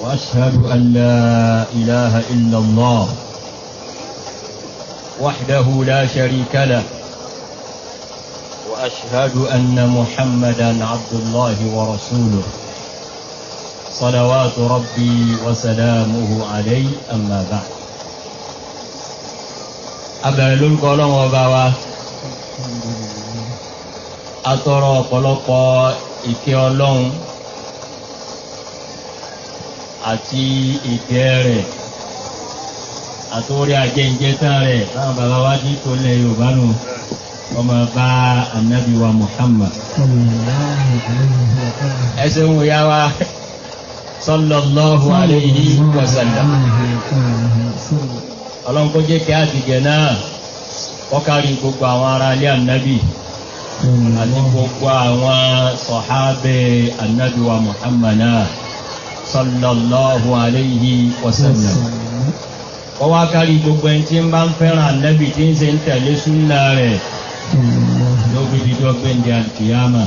وأشهد أن لا إله إلا الله وحده لا شريك له وأشهد أن محمدا عبد الله ورسوله صلوات ربي وسلامه عليه أما بعد أبل lórúkọ ọlọ́run أترى قلقا atọrọ àti ìtẹ́ rẹ̀ àtòrí ajẹ́njẹ́tàn rẹ̀ báwọn bàbá wa ti tó lẹ̀ yorùbá nù ọmọ bá anabi wa muhammad. ẹsẹ̀ ń wòyá wa sallallahu alayhi wa sallam. ọlọ́nkọ́jẹ́ kí á ti jẹ̀ náà kọ́kárí gbogbo àwọn ará ilé anabi àti gbogbo àwọn sọ̀hábẹ́ anabi wa muhammad náà sallallahu alayhi wa sallam ó wá kárí gbogbo ẹni tí ń bá ń fẹ́ràn ànábì tí ń ṣe ń tẹ̀lé súnà rẹ̀ lóbi dídọ́ gbẹ̀ǹdẹ̀ àkìyàmà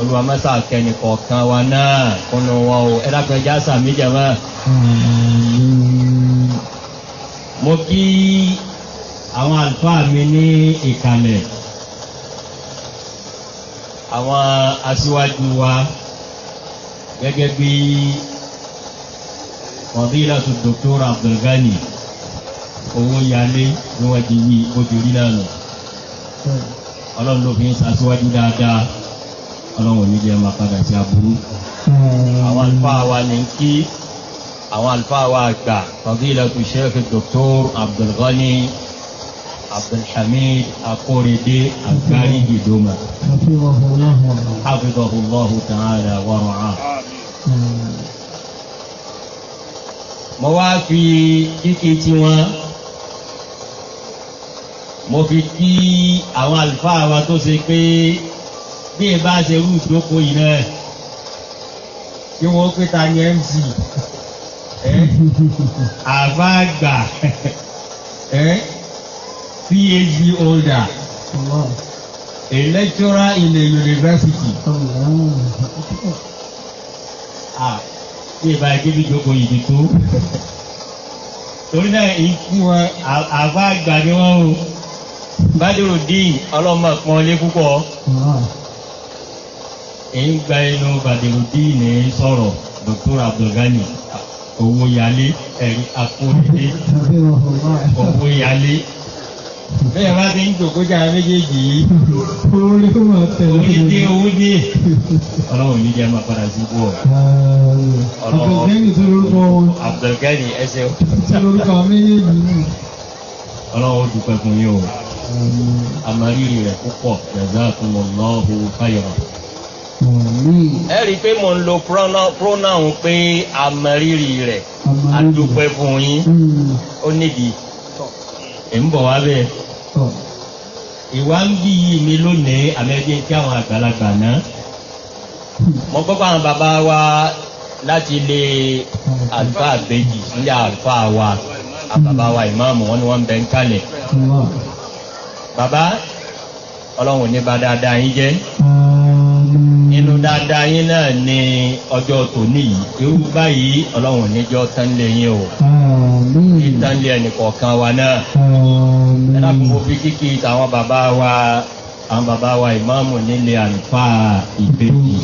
olùwàmásá akẹni kọ̀ọ̀kan wa náà kúnnù wa o ẹ dákun ẹja sàmì jàmá. mo kí àwọn àlùfáà mi ní ìkàlẹ̀ àwọn aṣíwájú wa. Mm gẹ́gẹ́ bí fadilatu Dr. Abdulgani owó yálé ni wọ́n ti wí ojú rí lánàá ọlọ́run ló fi ń sàṣíwájú dáadáa ọlọ́run ò ní jẹ́ máa padà sí aburú àwọn àlùfáà wa ní kí àwọn àlùfáà wa gbà fadilatu Sheikh Dr. Abdulgani abdulhamid akorede agbárí jìdóma. hafizahu allahu ta'ala wa ra'ah mo wá fi kíkí tiwọn mo fi kí àwọn àlùfáà wa tó ṣe pé bí ẹ bá ṣe rú ìdókòó yìí náà kí wọ́n pé ta ni mc àbáàgbà phd holder a lecturer in the university. Oh, bí ìbá ẹgbẹ́ bí ìjókòó yìí ti tó torí náà ikú wọn àbá àgbà ni wọn o bádùrù dín ọlọ́mọ pọn lé púpọ̀ èyí gba inú bàdùrù dín ní sọ̀rọ̀ Dr. Abdulgani owó yálé ẹ̀rí àpò owó yálé bẹ́ẹ̀ bá ti ń jòkójà méjèèjì yìí. orí ó máa tẹ̀lé. orí dé owó dé. ọlọ́run ní jẹ́ máa padà sí bọ́ọ̀. abdulkani tó lórúkọ wọn. abdulkani ẹsẹ̀. tó lórúkọ méjèèjì náà. ọlọ́run dúpẹ́ fún yín o. àmàlírì rẹ̀ púpọ̀ jazakumullahu khairan. ẹ rí i pé mo ń lo pronoun pé àmàlírì rẹ̀ a dúpẹ́ fún yín hmm. ó nídìí ẹ̀ ń bọ̀ wá bẹ́ẹ̀ ìwà ń bí yìí mi lónìí àmẹ́jẹ́ tí àwọn àgbàlagbà náà mo gbọ́ àwọn bàbá wa láti ilé àlùfáà àbẹ́jì nílẹ̀ àlùfáà wa àbàbá wa ìmáàmù wọn ni wọ́n ń bẹ ń kalẹ̀ bàbá ọlọ́run ní bá dáadáa yín jẹ́ inú dáadáa yín náà ní ọjọ́ tòní yìí irú báyìí ọlọ́run níjọ́ tánlé yín o ìtánlé ẹnìkọ̀ọ̀kan wa náà ẹ dákun mo fi kíkì tàwọn bàbá wa àwọn bàbá wa ìmáàmù nílé àlùfáà ìbejì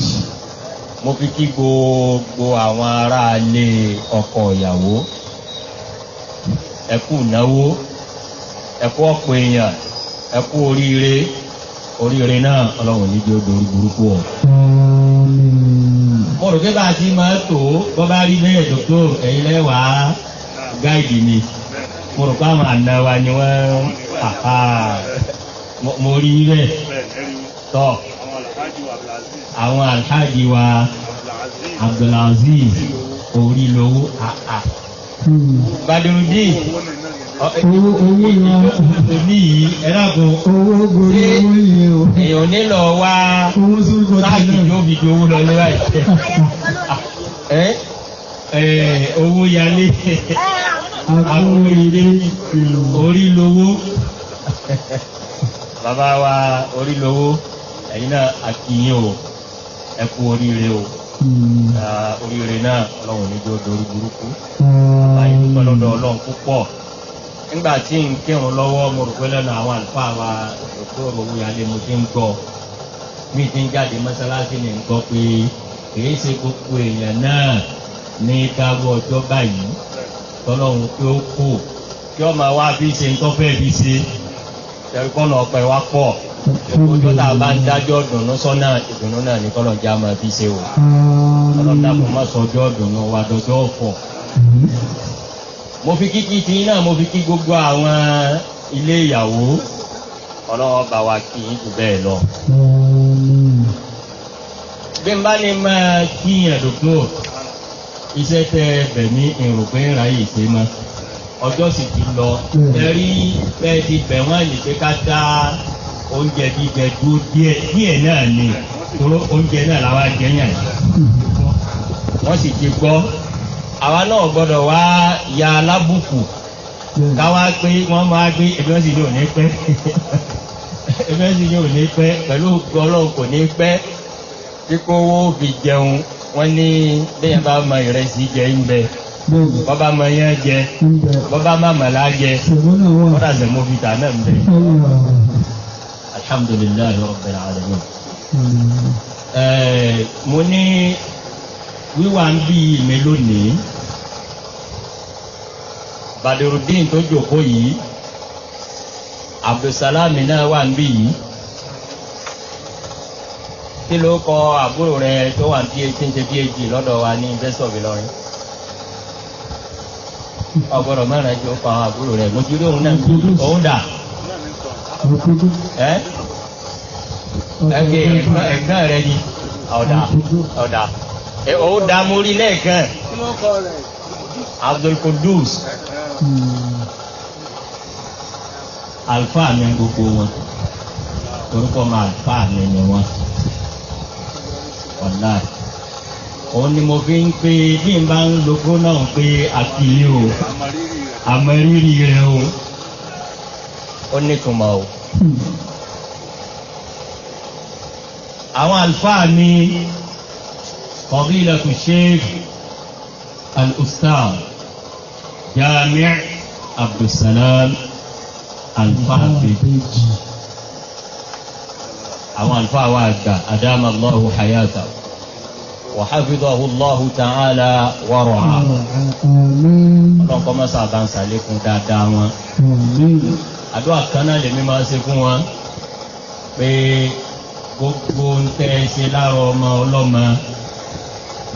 mo fi kí gbogbo àwọn aráalé ọkọ ìyàwó ẹkú ìnáwó ẹkú ọ̀pọ̀ èèyàn ẹkú oríire oríire náà ọlọ́run níbi odò burúkú ọ̀. mo rò pé bá a ti máa tó bọ́ bá rí bẹ́ẹ̀ dòkítọ́ ẹ̀yin lẹ́wàá gáìdì mi mo rò pé àwọn àna wa ni wọ́n mo rí bẹ́ẹ̀ tọ́ àwọn alhaji wa Abdulaziz orí lowó àà hmm. Badurudin owó yẹn èmi yìí ẹ dàgbọ́. owó gorí o. èèyàn nílò wá sáàkì yóò fi gbowó lọ ní báyìí. owó yalé àwọn ilé orí lowó bàbá wa orí lowó ẹ̀yin náà àkìyìn o ẹ kú oríire o oríire náà ọlọ́run níjọ́ dorí burúkú báyìí lọ́dọ̀ ọlọ́run púpọ̀ nígbà tí n kírun lọ́wọ́ mo rò pé lẹ́nu àwọn àlùfáà wa òkú òwò yàlẹ́ mo ti ń gbọ́ mi ti ń jáde mọ́sálásí ni ń gbọ́ pé kìí ṣe gbogbo èèyàn náà ní dárú ọjọ́ báyìí tọ́lọ́run pé ó kù kí ọmọ wa fi ṣe nǹkan fẹ́ fi ṣe ẹ̀rí kọ́nà ọ̀pẹ wa pọ̀ ojú tá a bá ń dájọ́ dùnú sọ́nà ìdùnnú náà ní kọ́nà já máa fi ṣe o ọlọ́dà kò má sọ ọjọ́ dùnú wa dọjọ́ ọ̀fọ̀ mo fi kíkí tí náà mo fi kí gbogbo àwọn ilé ìyàwó ọlọ́wọ́ bá wa kí n jù bẹ́ẹ̀ lọ. bí n bá lè máa kí ẹ̀dùnkú iṣẹ́ tẹ bẹ̀mí ìrò pé ń ráyè ṣe mọ́ ọjọ́ sì ti lọ ẹ̀rí bẹ́ẹ̀ ti bẹ̀ wọ́n lè pé ká dá oúnjẹ jíjẹ dúró díẹ̀ díẹ̀ náà ni oúnjẹ náà làwọn jẹ yàn wọ́n sì ti gbọ́ àwa náà gbọ́dọ̀ wá ya alábùkù hmm. káwá pé wọ́n máa gbé ẹgbẹ́sì yóò ní pẹ́ ẹgbẹ́sì yóò ní pẹ́ pẹ̀lú ọlọ́run kò ní pẹ́ kíkó owó fi jẹun wọ́n ní bẹ́ẹ̀ bá mọ ìrẹsì jẹ ń bẹ bọ́bá mọ yẹn jẹ bọ́bá má mọ̀lá jẹ bọ́dà zẹ̀mọ́fìtà náà ń bẹ alhamdulilayi rabbil alamin. mo ní wíwà ń bí mi lónìí Badirudin tó jókòó yìí Abdulsalami náà wà ń bí yìí kí ló kọ àbúrò rẹ tó wà ní phd ń ṣe phd lọ́dọ̀ wa ní University of Ilorin ọgbọdọ mẹ́rin ẹjọ pa àbúrò rẹ mo jírí òun náà òun dà ẹ ẹgbẹ́ rẹ ni ọ̀dà ọ̀dà ó dàmórí lẹ́ẹ̀kan abdulkudus alfa mi gbogbo wọn orúkọ ma alfa mi ni wọn ọ̀la òun ni mo fi ń pe bí n bá ń logó náà pé àkìlí o àmọ́rírì rẹ o ó nítumọ̀ o hmm. àwọn alfa mi. فضيلة الشيخ الأستاذ جامع عبد السلام الفهد àwọn àlùfáà wa àgbà adama allahu hayata wa hafizahu allahu ta'ala wa ra'a ọlọ́run kọ́ mọ́sá bá ń sàlékún dáadáa wọn àdúrà kan náà lèmi máa ṣe fún wọn pé gbogbo ń tẹ́ ṣe láàrọ̀ ọmọ ọlọ́mọ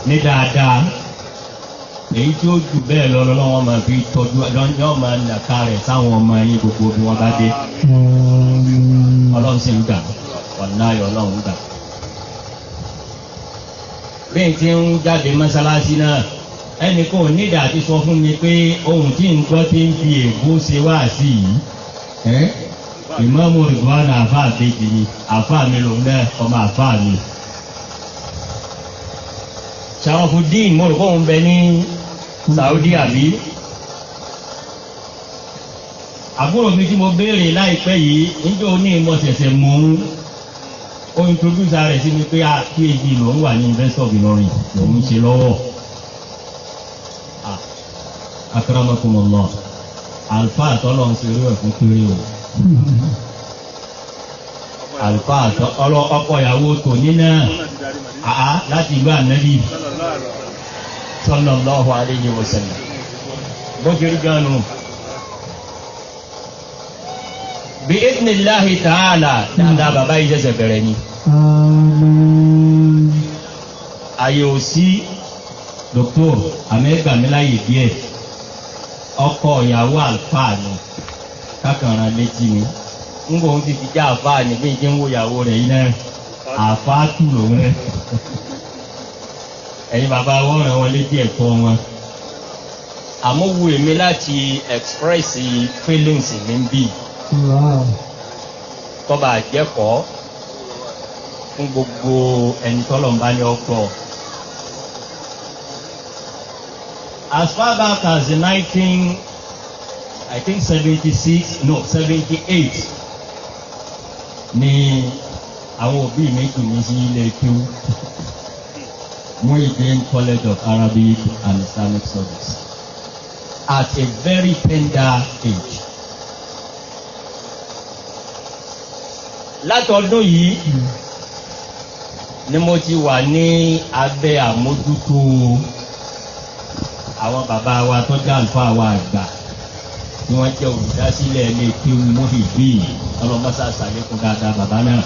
ní dáadáa èyí tí ó jù bẹ́ẹ̀ lọ lọ́wọ́ máa fi tọ́jú lọ́jọ́ máa nàka rẹ̀ sáwọn ọmọ yín gbogbo bí wọ́n bá dé ọlọ́run sì ń gbà ọ̀nà ọlọ́run gbà. bí n ti ń jáde mọ́sálásí náà ẹnì kan ò nídà àti sọ fún mi pé ohun tí n gbọ́ ti ń fi ègbó ṣe wá sí yìí ìmọ̀ọ́mù rìbọn àfa àbejì ni àfa mi lòun náà ọmọ àfa mi sàmàfùdín mo rò fóun bẹ ní Saudi àbí àbúrò mi tí mo béèrè láìpẹ́ yìí níjọ́ ní ìmọ̀ ṣẹ̀ṣẹ̀ mọ̀ ń ó introduce rẹ̀ sí mi pé a phd lòún wà ní investor Ìlọrin lòún ṣe lọ́wọ́ ah, akramakumullah alfa àtọ́lọ́ ń ṣerú ẹ̀ fún kiri o alfa àtọ́ ọkọ̀ ìyàwó tòní náà láti ìlú ànábì sallallahu alayhi wa sallam bókiri ganu bí idnillahi ta'ala dáadáa bàbá yìí ṣẹ̀ṣẹ̀ bẹ̀rẹ̀ ni àyè ò sí dókítà amẹ́gbàmíláyè díẹ̀ ọkọ ìyàwó àlùfáà ni kákànrán létí ni ń bò ń ti fi já àfáà ní bí n ti ń wo ìyàwó rẹ̀ yìí náà àfáà tù lòun rẹ̀ ẹ̀yin bàbá wọn ràn wọn létí ẹ̀kọ́ wọn àmúwu èmi láti express feelings mi ń tọ́ba àjẹkọ́ fún gbogbo ẹni tọ́lọ̀mbá ní ọkọ̀. As far back as the 19, I think 76, no 78 ni àwọn òbí mi kì í sí ilé kíw. Muhyiddin College of Arabic and Islamic Studies at a very tender age. látọdún yìí ni mo ti wà ní abẹ́ àmójútó àwọn bàbá wa tó jẹ́ àlùfáà wa àgbà ni wọ́n jẹ́ olùdásílẹ̀ ilé kéwù mọ́fìdì ọlọ́mọ́sá sàlékún dáadáa bàbá náà.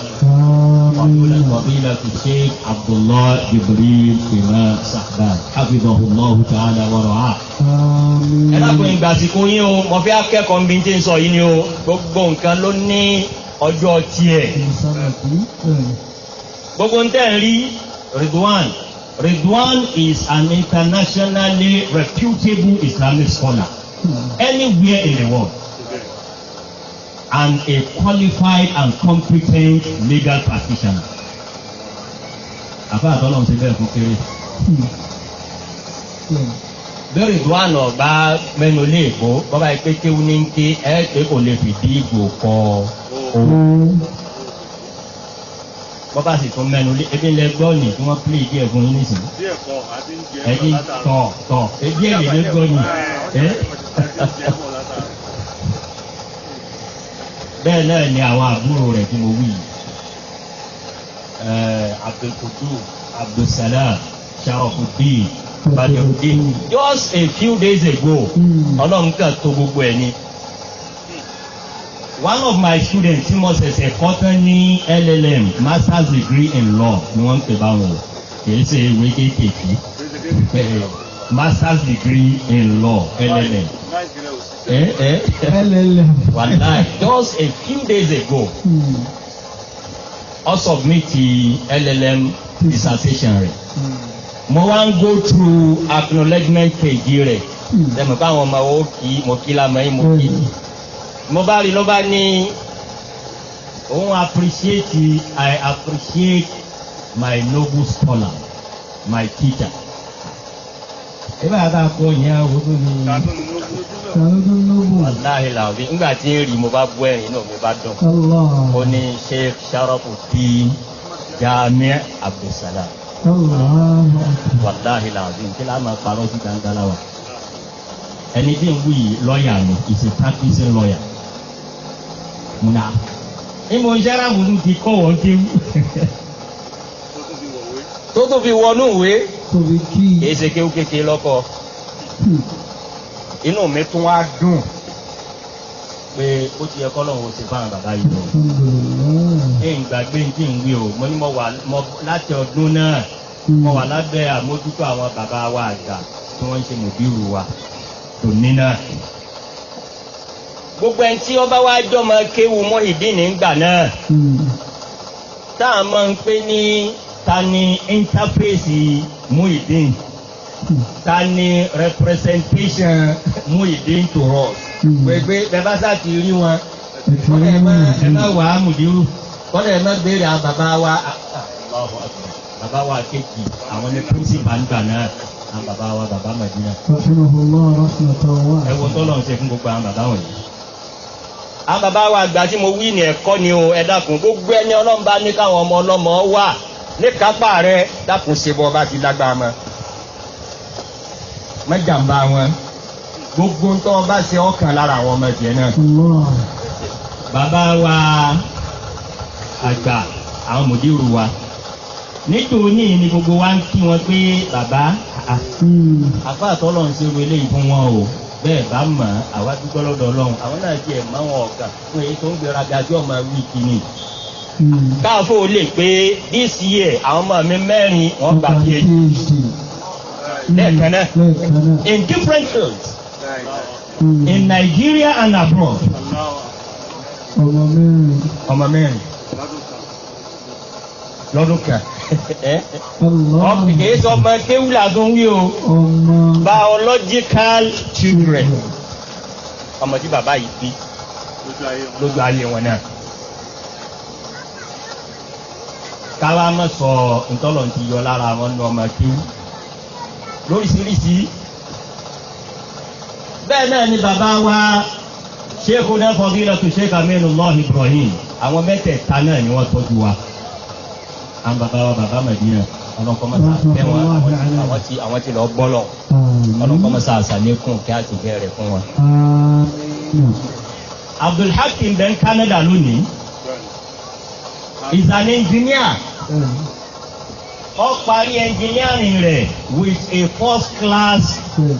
wàbílẹ̀ tó ṣe Abdullah Jibril ìran sàkà hafidhahullahu ta'ala wọ̀rọ̀ ha. ẹ dákun ìgbà àsìkò yín o mo fẹ́ akẹ́kọ̀ọ́ mi ti ń sọ yìí ni o gbogbo nǹkan ló ní ọjọ́ tiẹ̀. gbogbo ń tẹ̀ rí Ridwan. Ridwan is an internationally reputable Islamic scholar anywhere in the world and a qualified and competent legal practitioner. àbá àtọ́lọ́run ti bẹ́ẹ̀ fún kéré. lórí ìdúwànà ọba mẹ́nu ilé èkó bọ́bá yìí pé kéwú ní ń ké lè fìdí ìgbò kọ owó bọ́bá sì tún mẹ́nu ebi lẹ gbọ́ọ̀lì tí wọ́n pílè díẹ̀ fún yín nìsín. ẹ̀dí tọ̀ tọ̀ ebi èlé lé gbọ́ọ̀lì. bẹ́ẹ̀ náà ni àwọn àbúrò rẹ̀ tí mo wí abdulkudu abdulsalam sharafuddin badrudin just a few days ago ọlọ́run kan tó gbogbo ẹ̀ ni one of my students tí mo ṣẹ̀ṣẹ̀ kọ́ tán ní LLM master's degree in law ni wọ́n ń pè báwọn kìí ṣe ìwé kéékèèké eh, master's degree in law LLM eh, eh, LLM wàláì just a few days ago hmm. ọ submit LLM hmm. dissertation rẹ̀ hmm. mo wá ń go through acknowledgement page rẹ̀ ṣe mo bá àwọn ọmọ wo kí mo kí lámọ́ yín mo kí yìí mo bá rí ló ní òun appreciate i appreciate my noble scholar my teacher. ìbá yàtọ̀ àkó yẹn owó tó ní. kàánú tó noble. aláhi làwọn nígbà tí èrì mo bá bú ẹ̀yìn náà mo bá dùn. ó ní sheikh sharafuddin jami abdulsalam. wàláhi làwọn kí láwọn máa parọ́ sí gàǹgàlà wa. ẹni tí ń wí lọ́ọ̀yà ni is a practicing lawyer mu na ní mo ń ṣe aráàbù ní ti kọ́ wọ́n kéwú. tó tún fi wọnú ìwé èsè kéwú kékeré lọ́kọ̀ inú mi tún wá dùn pé ó ti yẹ kọ́lọ̀ wo ṣe fáwọn bàbá yìí lọ. ẹ ń gbàgbé ní kí n wí o mo ní mo wà láti ọdún náà mo wà lábẹ́ àmójútó àwọn bàbá wa àgbà tí wọ́n ń ṣe mòbí rù wa tòní náà gbogbo ẹni tí ọba wa jọmọ kéwu Muyideen nígbà náà tá a máa ń pè ní tani ni interface Muyideen ta ni representation Muyideen to us gbẹgbẹ bẹ́ẹ̀ bá sá ti rí wọn kọ́lẹ̀ ẹ̀ máa ẹ̀ máa wà á mùdírù kọ́lẹ̀ ẹ̀ máa béèrè àwọn bàbá wa ah, ah, bàbá wa kéèkì àwọn ní pírísìpà ń náà àwọn bàbá wa bàbá Màdínà. ẹ wo tọ́lọ̀ ń ṣe fún gbogbo àwọn bàbá wọ̀nyí àwọn wa àgbà tí mo wí ní ẹ̀kọ́ ni o ẹ dákun gbogbo ẹni ọlọ́run bá ní káwọn ọmọ ọlọ́mọ wà ní kápá rẹ dákun ṣe bọ́ ọba ti lágbára mọ́. mẹ́jàmbá wọn gbogbo ń tọ́ bá ṣe ọkàn lára àwọn ọmọ ìjẹ náà. bàbá wa àgbà àwọn mòdìrú wa nítorí ní gbogbo wa ń kí wọn pé bàbá àfa àtọ́lọ́ ń ṣe wọlé ìfún wọn o bẹ́ẹ̀ bá mọ̀ àwa dúpẹ́ lọ́dọ̀ ọlọ́run àwọn náà tiẹ̀ máa wọn ọ̀gá fún èyí tó ń gbéra ga tí ọmọ wí kìíní. Hmm. káfó lè pé this year àwọn ọmọ mi mẹ́rin wọ́n gba phd hmm. lẹ́ẹ̀kan náà in different fields hmm. in Nigeria and abroad. ọmọ mẹ́rin. ọmọ mẹ́rin lọ́dún kan ọkùnrin sọ ọmọ kéwùlà tó wí o biological children ọmọ tí bàbá yìí bí lójú ayé wọn náà káwá mọ̀ sọ ntọ́lọ̀ ti yọ lára wọn ní ọmọ kéwù lóríṣiríṣi bẹ́ẹ̀ náà ni bàbá wa ṣéèkù náà fọ́ bí lọ́tún ṣéèkù amínú lọ́ọ̀ Ibrahim àwọn mẹ́tẹ̀ẹ̀ta náà ni wọ́n tọ́jú wa an bàbá wa bàbá Madina ọlọ́kọ́mọ́sá fẹ́ wọn àwọn tí àwọn tí lọ bọ́lọ̀ ọlọ́kọ́mọ́sá àṣàlékún kí á ti bẹ̀rẹ̀ fún wọn. Abdulhakim bẹ́ẹ̀ Canada lónìí is an engineer ó parí engineering rẹ̀ with a first class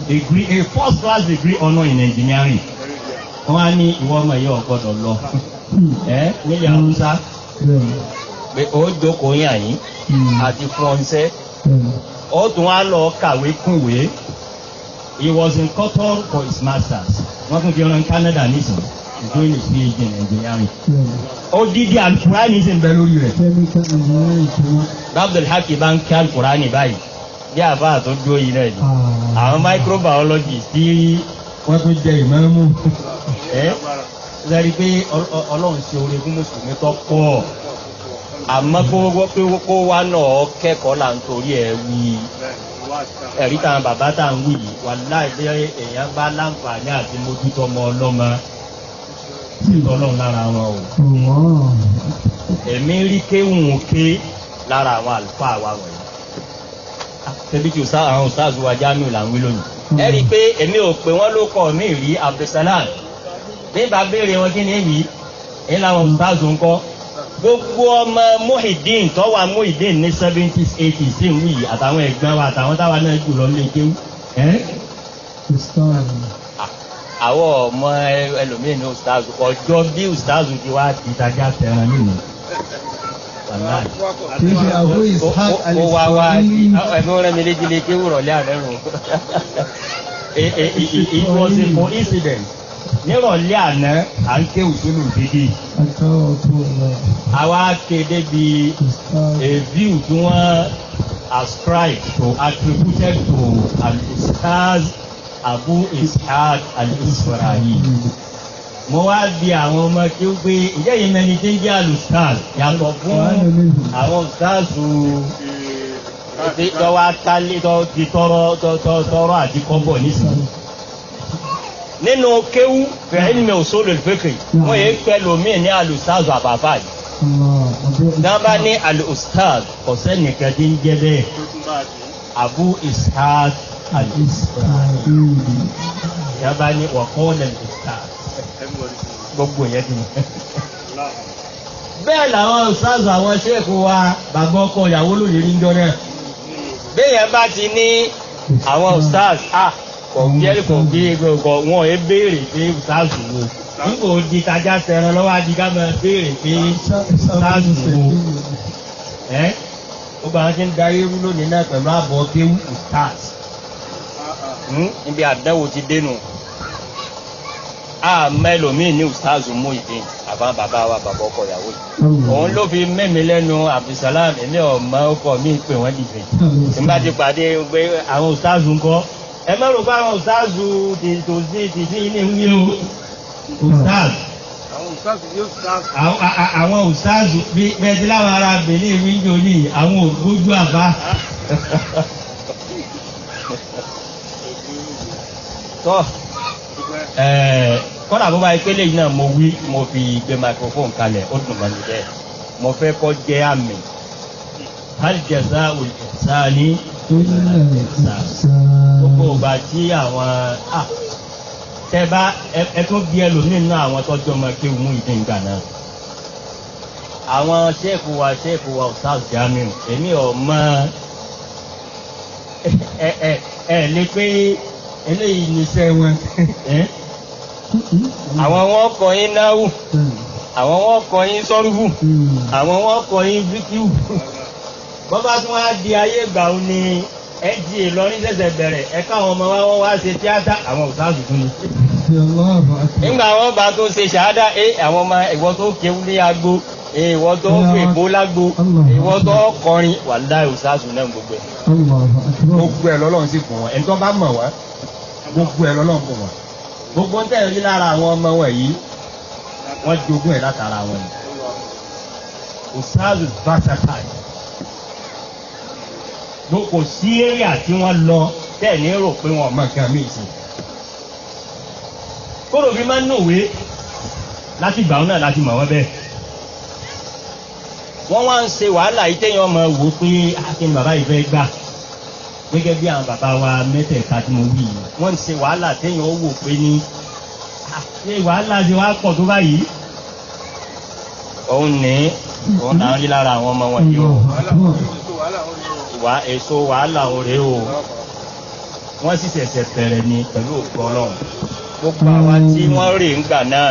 degree a first class degree honour in engineering wọ́n á ní ìwọ́n ọmọ yìí ò gbọ́dọ̀ lọ ẹ́ nílẹ̀ Haúsá pé ó jókòó yàn yín hmm. àti fún ọ iṣẹ́ hmm. ó tún wá lọ kàwé kúwé he was in Qatar for his masters wọ́n tún fi Canada nísìnyí doing his PhD in engineering. odidi hmm. alukurani sì ń bẹ lórí rẹ̀. Abdulhaki bá ń kí alukurani báyìí bí àbá tó dúró yìí náà ni ah. àwọn microbiologist tí wọ́n tún jẹ ìmọ̀ọ́mù. ẹ sẹ́ni pé ọlọ́run ṣe oore fún mùsùlùmí tó pọ̀ àmọ́ kó wọ́pẹ́ kó wá náà kẹ́kọ̀ọ́ là ń torí ẹ̀ wí ẹ̀rí táwọn bàbá tá à ń wí yìí wàláhì bí èèyàn bá láǹfààní àti mójútó ọmọ ọlọ́mọ tọ́lọ́ lára wọn o. èmi rí kéwùn ké lára àwọn àlùfáà wa wọ̀nyí. tẹ́bí tí àwọn òṣàzù wa jánu là ń wí lónìí. ẹ rí i pé èmi ò pé wọ́n ló kọ́ mi rí Abdulsalam bí bá béèrè wọn kí ni èyí ńlá wọn òṣàzù ńkọ́ gbogbo ọmọ Muhyiddin tó wà Muhyiddin ní seventies eighties sí ìwú yìí àtàwọn ẹ̀gbọ́n wa àtàwọn táwa náà jù lọ lé kéwú. ọmọ ẹlòmíì ní ustaazu ọjọ́ bí ustaazu ti wá ti tajà tẹran nínú kì í ṣe àbú ishaq mi léjìlé kéwù rọ̀lẹ́ àrẹ́rùn. it was a coincidence nírọ̀lẹ́ àná à ń ké òṣèlú dídì. àwa kéde bí a view tí wọ́n ascribe to attributed to al-Ustaz Abu Ishaq al-Isfarahi. mo wá bi àwọn ọmọ kí ó gbé ìjẹ́ yìí mẹ́ni tí ń jẹ́ al-Ustaz yàtọ̀ fún àwọn Ustaz tọ́wọ́ atálé tọ́ ti tọrọ àti kọ́bọ̀ nísìnyí nínú kéwú fẹ̀yìn mi ò sólò ìfẹ́kẹ̀ wọ́n yẹ pẹ́ lomi ní alùsáàzù àbàbà yìí dábàá ní alùsáàz ọ̀sẹ̀ nìkan tí ń jẹ́ bẹ́ẹ̀ abu ishaq alùsáàz dábàá ní wàkọ́ọ̀lẹ̀ ishaq gbogbo yẹn ti bẹ́ẹ̀ làwọn ṣáàzù àwọn ṣéèkù wa bàbá ọkọ ìyàwó lòdì níjọ náà bẹ́ẹ̀ yẹn bá ti ní àwọn ṣáàzù ah jẹ́rìí hmm? níbi àdánwò ti dénú àmọ́ ẹlòmíì ní ustaz Muyideen àbá bàbá wa bàbá ọkọ ìyàwó yìí hmm. òun ló fi mẹ́mi lẹ́nu Abdulsalam èmi ọ̀mọ ọkọ mi pè wọ́n dìbò hmm. tí pàdé gbé àwọn ustaz ńkọ́ ẹ má rò pé àwọn òṣàzù tòsí tìsí ní wí o òṣàzù. àwọn òṣàzù bí bẹ́ẹ̀ ti láwọn ará Benin wíńdò ní àwọn ògbójú àbá. tọ́ kọ́nà àbúrò ìpele yìí náà mo wí mo fi gbé microphone kalẹ̀ ó dùn mọ́ni bẹ́ẹ̀ mo fẹ́ kọ́ jẹ́ àmì hal jazaa'ul ihsani gbogbo ìgbà tí àwọn tẹ bá ẹ tún bí ẹlòmíín náà àwọn tọjú ọmọ kéwù mú ìdí ìgbà náà àwọn sẹ́ẹ̀kù wa sẹ́ẹ̀kù wa Ustaz Jamiu èmi ò mọ ẹ ẹ ẹ lè pé eléyìí níṣẹ́ wọn àwọn wọn kọ yín náwó àwọn wọn kọ yín sọ́rùbù hmm. àwọn wọn kọ yín fíkìwù. bọ́n bá tún wá di ayé ìgbà òun ni ẹ di Ìlọrin ṣẹ̀ṣẹ̀ bẹ̀rẹ̀ ẹ káwọn ọmọ wa wọ́n wá ṣe tíátà àwọn òṣàlù fún mi. nígbà wọn bá tó ṣe ṣáádá ẹ àwọn ọmọ ìwọ tó kéwú ní agbo ìwọ tó ń fi èbó lágbo ìwọ tó kọrin wà láì òṣàlù náà gbogbo ẹ. gbogbo ẹ lọ́lọ́run sì fún wọn ẹni tó bá mọ̀ wá gbogbo ẹ lọ́lọ́run fún wọn gbogbo tẹ̀ rí lára àwọn ọmọ wọn yìí wọ́n jogún ẹ̀ látara wọn yìí òṣàlù bá ló kò sí area tí wọ́n lọ tẹ̀ ní rò pé wọ́n mọ̀ nǹkan míì sí. kóró fi máa ń nùwé láti gbà wọn náà láti mọ̀ wọ́n bẹ́ẹ̀. wọ́n wá ń ṣe wàhálà yìí téèyàn ọmọ wò ó pé akin ah, bàbá yìí fẹ́ gbà gẹ́gẹ́ bí àwọn bàbá wa mẹ́tẹ̀ẹ̀ta tí mo wí yìí wọ́n ń ṣe wàhálà téèyàn ó wò pé ní ah, ṣe wàhálà ṣe wàá pọ̀ tó báyìí. òun ní òun náà rí lára àwọn ọmọ wọn yìí wà èso wàhálà òrè o wọ́n sì tẹ̀sẹ̀ bẹ̀rẹ̀ ni pẹ̀lú òkú ọlọ́run gbogbo àwa tí wọ́n rè ń gbà náà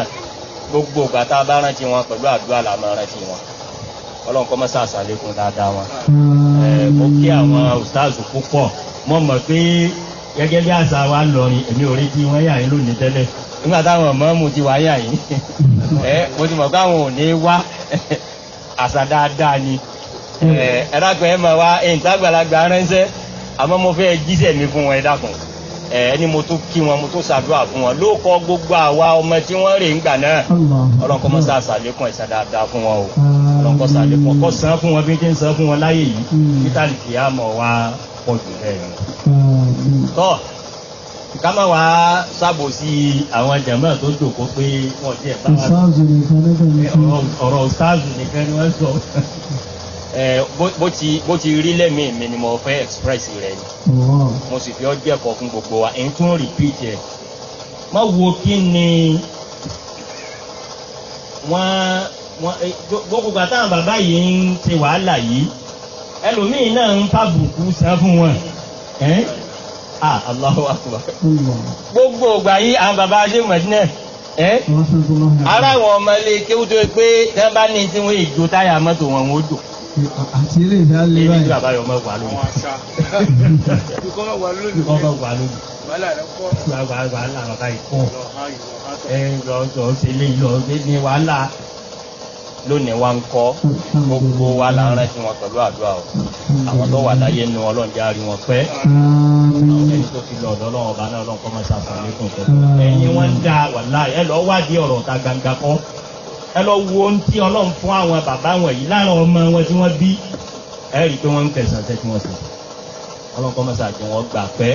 gbogbo ìgbà tá a bá rántí wọn pẹ̀lú àdúrà là máa rántí wọn ọlọ́run kọ́ mọ́ sàṣà lékun dáadáa wọn. mo kí àwọn ustaazu púpọ̀ mo mọ̀ pé gẹ́gẹ́ bí àṣà wa lọrin èmi ò rí kí wọ́n yà yín lónìí tẹ́lẹ̀ nígbà táwọn mọ́mú ti wá yà yín mo ti mọ̀ pé àwọn ò ní wá àṣà dáadáa ni. Eh, ẹ dákun ẹ máa wá nǹkan àgbàlagbà ránṣẹ́ àmọ́ mo fẹ́ jíṣẹ́ mi fún wọn ẹ dákun ẹ ni mo tún kí wọn mo tún ṣàdúrà fún wọn ló kọ gbogbo àwa ọmọ tí wọ́n rè ń gbà náà ọlọ́nkọ́ mọ́ sáà ṣàlékún ẹ̀sán dáadáa fún wọn o ọlọ́nkọ́ ṣàlékún ọkọ̀ san fún wọn bí kí n san fún wọn láyé yìí títàlì kì í àmọ̀ wá pọ̀ jù bẹ́ẹ̀ ni. tọ́ ká má wá ṣàbòsí àwọn jàmbá tó jòkó pé wọ́n ti ẹ̀ bá wà. Eh, ọ̀rọ̀ ọ̀stáàzù nìkan ni wọ́n sọ. Eh, bó ti bó ti rí lẹ́mí mi ni mo fẹ́ express rẹ. ni oh. mo fi ọ́ jẹ́kọ̀ọ́ fún gbogbo wa e tún repeat ẹ̀ má wo kí ni wọ́n wọ́n eh, gbogbo gbà táwọn bàbá yìí ṣe wàhálà yìí náà ń fún wọn ah Allahu Akbar gbogbo yìí àwọn bàbá ara àwọn ọmọ ilé pé bá ní tí wọ́n èjò táyà mọ́tò wọn ò àti ilé ìdá lè báyìí. èmi bàbá yọ ọmọ wà lónìí. ìkọ́ bá lónìí. ìkọ́ bá lónìí. wàhálà rẹ pọ̀. wàhálà rẹ báyìí pọ̀. ẹ lọ sọ ṣe lè lọ ṣe ní wàhálà lónìí wa ń kọ́ gbogbo wa là ń rántí wọn pẹ̀lú àdúrà o àwọn tó wà láyé nu ọlọ́run jẹ́ àrí wọn pẹ́ ẹni tó fi lọ ọ̀dọ́ ọlọ́run ọba náà ọlọ́run kọ́ máa ṣàfihàn lẹ́kùn tó wọn ń da wàhálà ẹ lọ́ọ́ wádìí ọ̀rọ̀ ta gbangba kọ́ ẹ lọ wo ohun tí ọlọ́run fún àwọn bàbá wọn yìí lára ọmọ wọn tí wọ́n bí ẹ rí i pé wọ́n ń tẹ̀sán tẹ́ tí wọ́n sọ ọlọ́run kọ́ mọ́sá tí wọ́n gbà pẹ́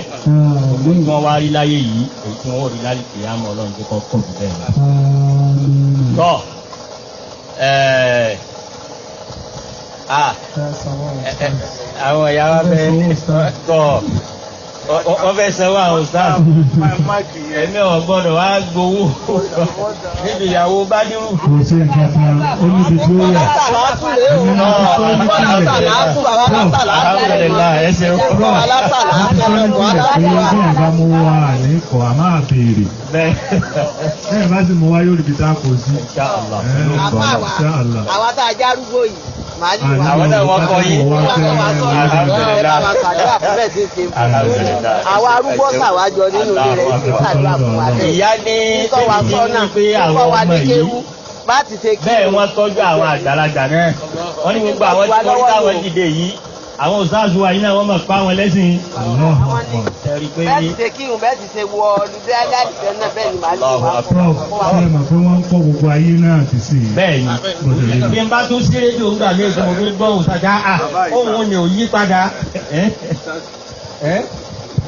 ògbó ni wọ́n wá rí láyé yìí èyí tí wọ́n rí láyé kìí àmọ́ ọlọ́run tó kọ́ kọ́ jù bẹ́ẹ̀ lọ. tọ́ àwọn ìyá wa bẹ́ẹ̀ ní wọ́n fẹ́ sanwó àwọn sáà ẹ̀mí ọ̀ gbọ́dọ̀ wá gbowó níbi ìyàwó bá dírù. kò sí nǹkan kan ó níbi tí ó yà. Bẹ́ẹ̀ bá sì mú wá yóò ríbi tá a kò sí. Àwa tá a já arúgbó yìí, màá ní wà. Àwọn náà wọ́n kọ yìí. Àwọn náà wọ́n kọ yìí àwa arúgbó sàwájọ nínú ilé rẹ̀ sì ṣàdúrà fún wa bẹ́ẹ̀. ìyá ní tẹ́lifí ní pé àwọn ọmọ yìí láti ṣe kí. bẹ́ẹ̀ wọ́n tọ́jú àwọn àgbàlagbà náà wọ́n ní gbogbo àwọn tí wọ́n táwọn dìde yìí àwọn òṣàṣù wa yìí náà wọ́n mọ̀ pa àwọn lẹ́sìn. bẹ́ẹ̀ ti ṣe kírun bẹ́ẹ̀ ti ṣe wọ ọdúnṣẹ́ aláìsẹ́ náà bẹ́ẹ̀ ni màá lè wá fún wa. bẹ́ẹ̀ mà pé wọ́n ń kọ́ gbogbo ayé náà ti sè é. bẹ́ẹ̀ni bí n bá tún sí rédíò ń gbà mí ìfọwọ́gbẹ́ gbọ́ òṣàjà ohun ni ò yí padà.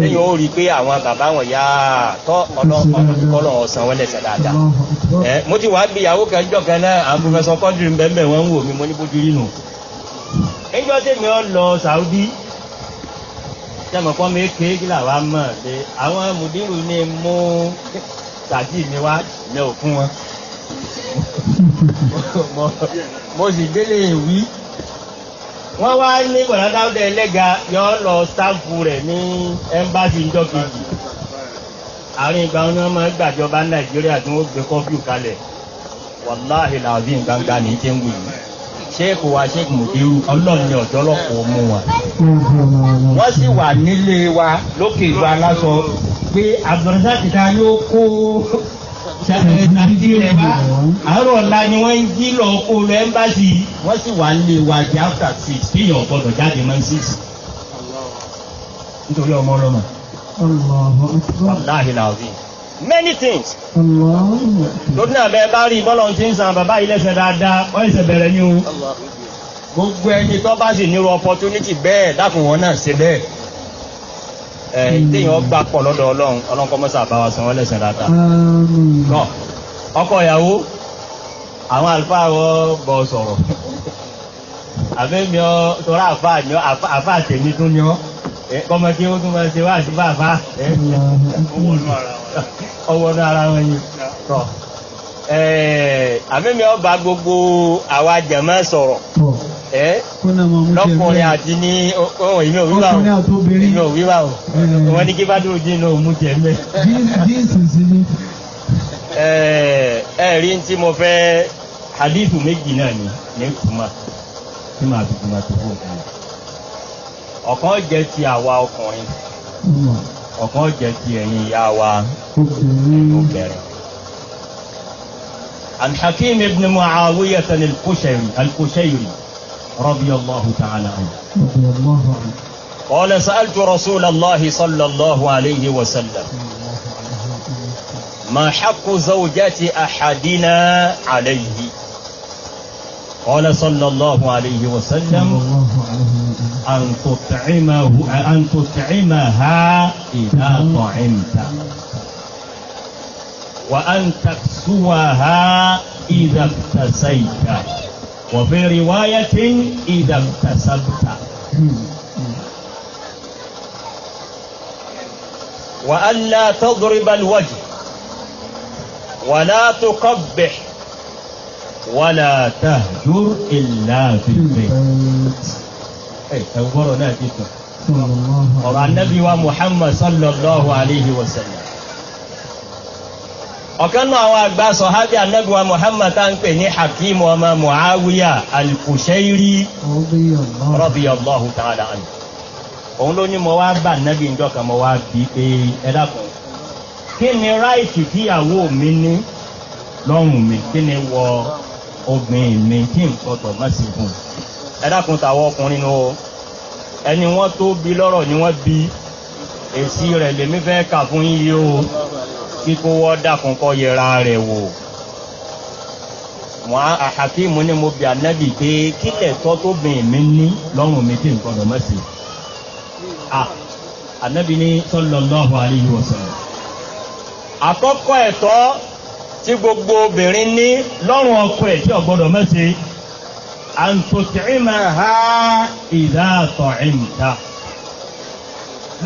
lẹ́yìn ó rí i pé àwọn bàbá wọn yá tọ́ ọlọ́kọ̀ọ́lọ́ ọ̀sán wọn lẹ́sẹ̀ dáadáa ẹ mo ti wàá gbéyàwó kan kan náà àwọn pòfẹsọ kọ́ńtìrì bẹ́ẹ̀ wọ́n ń wò mí mo ní bójú rínu. ẹjọ́ tèmi ọ lọ sàúdí sẹ́mọ̀kọ́ mi ké kí làwa mọ̀ pé àwọn mùdírù ni mú tàbí mi wá lẹ́ òkun wọn. mo sì délé ìwí. wọ́n wá ní bọ̀dádáwọ́dẹ ẹlẹ́ga yọ lọ sáǹpù rẹ̀ ní ẹ́mbáàsì ńdọ́kejì àárín ìgbà wọn máa gbàjọba nàìjíríà tí wọ́n gbé kọ́fíù kalẹ̀ wàláhì làbí gbangba ní ti ń wù yìí sheikh wa sheikh mudiru ọlọ́run ni ọ̀dọ́ lọ́pọ̀ mú wa. wọ́n sì wà nílé wa lókè ìlú aláṣọ pé abdulrasaq ta yóò kó tàbí bá àárọ̀ ọ̀la ni wọ́n ń jí lọ kó lọ ẹ́mbáàsì wọ́n sì wà lè wà jẹ́ after six ọ̀gbọ́dọ̀ jáde máa ń six nítorí ọmọ ọlọ́mọ. wàláhi làwí. many things. lódì náà bẹ́ẹ̀ bá rí bọ́lọ̀ tí ń san bàbá yìí lẹ́sẹ̀ dáadáa wọ́n ṣẹ̀ṣẹ̀ bẹ̀rẹ̀ ní o. gbogbo ẹni tó bá sì nírú opportunity bẹ́ẹ̀ dákun wọn náà ṣe bẹ́ẹ̀. Eh, téèyàn gbà pọ̀ lọ́dọ̀ ọlọ́run ọlọ́run kọ́ mọ́sá àbáwá san wọ́n lẹ́sìn dáadáa. náà ọkọ ìyàwó àwọn àlùfáà wọ bọ sọ̀rọ̀ àbẹ́mi ọ sọ̀rọ̀ àfáà ni ọ àfáà tèmi tún ni ọ eh, kọ́mọ kí ó tún máa ṣe wá sí bàbá eh, ọwọ́ náà ara wọn yìí tọ́ àbẹ́mi ọba gbogbo àwa jẹ̀mọ́ sọ̀rọ̀ lọ́kùnrin àti ní ohun ìmọ̀ wíwá o ìmọ̀ wíwá o wọ́n ní kí bá dúró dín náà mú jẹ́ mẹ́. ẹ rí tí mo fẹ́ hadith méjì náà ni ní kùmà tí màá fi kùmà tó fún mi. ọ̀kan jẹ́ ti àwa ọkùnrin ọ̀kan jẹ́ ti ẹ̀yin ìyá wa obìnrin. عن حكيم بن معاوية القشيري القشيري رضي الله تعالى عنه رضي الله عنه قال سألت رسول الله صلى الله عليه وسلم ما حق زوجة أحدنا عليه قال صلى الله عليه وسلم أن تطعمه أن تطعمها إذا طعمت وأن تكسوها إذا اكتسيت وفي رواية إذا اغتسلت وألا تضرب الوجه ولا تقبح ولا تهجر إلا في البيت أي تنظر جدا قرآن النبي ومحمد صلى الله عليه وسلم ọ̀kan náà àwọn àgbà sọ̀hábí anẹ́gbẹ̀wà muhammad tá ń pè ní hakim ọmọ muawiya al-kushairi radiyallahu ta'ala anhu òun ló ní mo wá bá nẹ́bí ìjọ kan mo wá bí pé ẹ dákun kí ni ráìtì tíyàwó mi ní lọ́rùn mi kí ni wọ obìnrin mi kí n kọtọ̀ má sì gùn ẹ dákun tàwọn ọkùnrin nù ẹni wọ́n tó bí lọ́rọ̀ ni wọ́n bí èsì rẹ̀ lèmi fẹ́ kà fún yíyí kíkówó dákun kọ́ yẹra rẹ̀ wò wọn àhàkíìmù ni mo bí anábì pé kílẹ̀ tọ́ tó bìn mí ní lọ́rùn mi tí nǹkan lọ́mọ́ sí anábì ní sallallahu alayhi wa sallam àkọ́kọ́ ẹ̀tọ́ tí gbogbo obìnrin ní lọ́rùn ọkọ ẹ̀ tí ó gbọ́dọ̀ mẹ́sẹ̀ àǹtòtìrìmà ha ìdá àtọ̀rìmìta.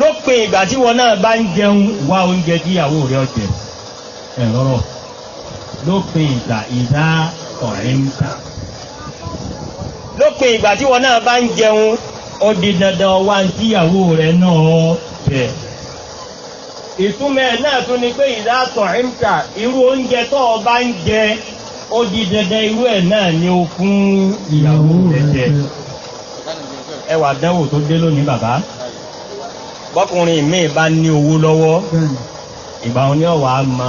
lópin ìgbà tí wọn náà bá ń jẹun wá oúnjẹ tí ìyàwó rẹ ọjẹ lópin ìgbà ìdá ń ta lópin ìgbà tí wọn náà bá ń jẹun ó di dandan wá rẹ náà bẹ̀. ìtumọ̀ ẹ̀ náà tún ni pé ìdá àtọ̀ ẹ̀ńkà irú oúnjẹ tó o bá ń jẹ ó di dandan ẹ̀ náà ni o fún ìyàwó rẹ bọ́kùnrin mi bá ní owó lọ́wọ́ ìgbà wọn ni ọ̀wà mọ